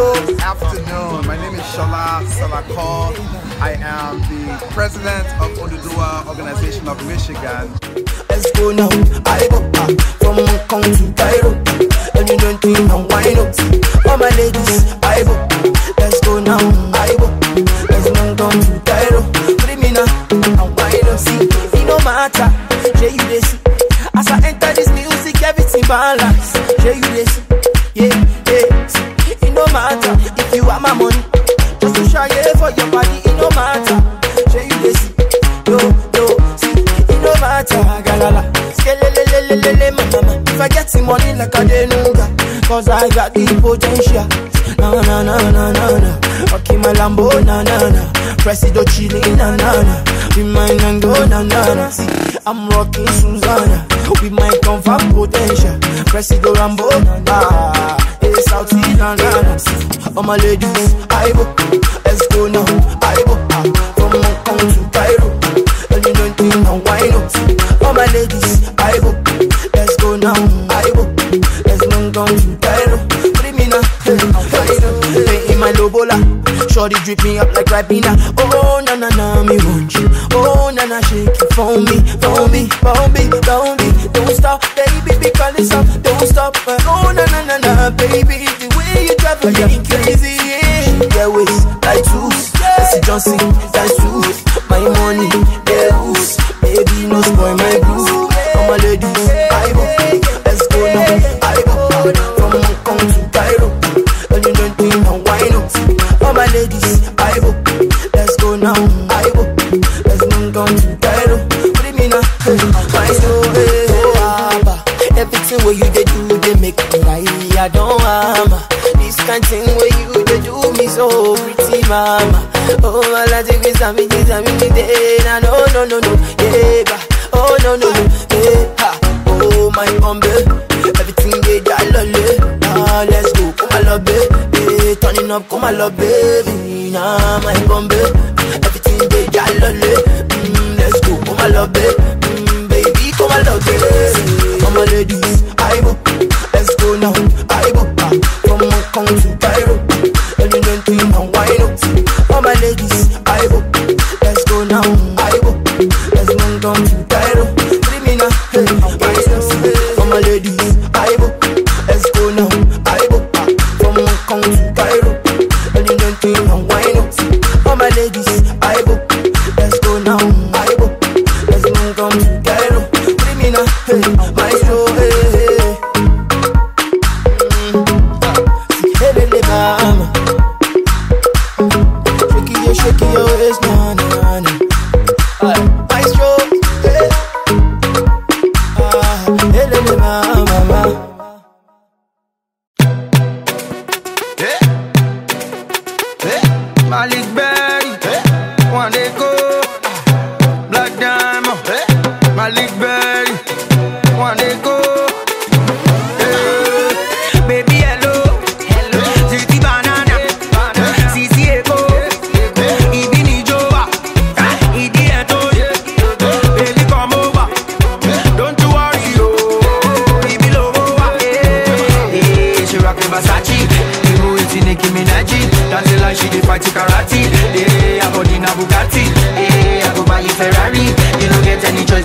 Good afternoon. My name is Shola Salakor. I am the president of Oduduwa Organization of Michigan. Let's go now. I uh, from Hong Kong to Cairo. And me don't you no why up. All my ladies, I Let's go now. I Let's Hong Kong to Cairo. Criminal uh, and wine not See, it no matter. Jay, you listen As I enter this music, everything balance. Jay, you listen, Yeah. money like a deluga. Cause I got the potential. Na na na na na na. Okay, my Lambo, na na na. Presido Chile. na na na. Be mine and go, na na na. See, I'm rocking Susanna. We my confirm potential. Presido Rambo, ah. Hey, South na na na. See, all my ladies, I book. Let's go now, I book. Ah. From Hong Kong to Cairo. Shorty drip me up like Ribena. Oh, oh, na na na, me want you. Oh, na na, shake it for me, for me, for me, for me. Don't stop, baby, because it's up. Don't stop. Oh, na na na na, baby, the way you drive me crazy. Yeah, yeah, waist like two. That's Johnson, that's me now. My soul is Abba. Everything where you they do, they make me lie. I don't armor. This kind thing where you they do me so pretty, mama. Oh, I like to get some things I'm in the day. No, no, no, no, yeah, bah. Oh, no, no, no, yeah, ha. Oh, my bumble. Everything they got lolly. Ah, let's go, come on, love, baby. Turning up, come on, love, baby. Nah, my bumble. Everything they got lolly love it. Mm, baby, come and love it. I'm a ladies, I book. Let's go now, I book. From Hong Kong to Cairo, and you don't dream and wine up. I'm a ladies, I book. Let's go now, I book. Let's Hong Kong to Cairo, three minutes, hey, wine up. I'm a ladies, I book. Let's go now, I book. From Hong Kong to Cairo, and you don't dream and wine up. I'm a ladies, I maestro. Hey. Eh, eh, hey. Ah, eh, Malik be Versace The rules in Nicki Minaj the life she did fight karate Yeah, I go in a Bugatti Yeah, I go buy a Ferrari You don't get any choice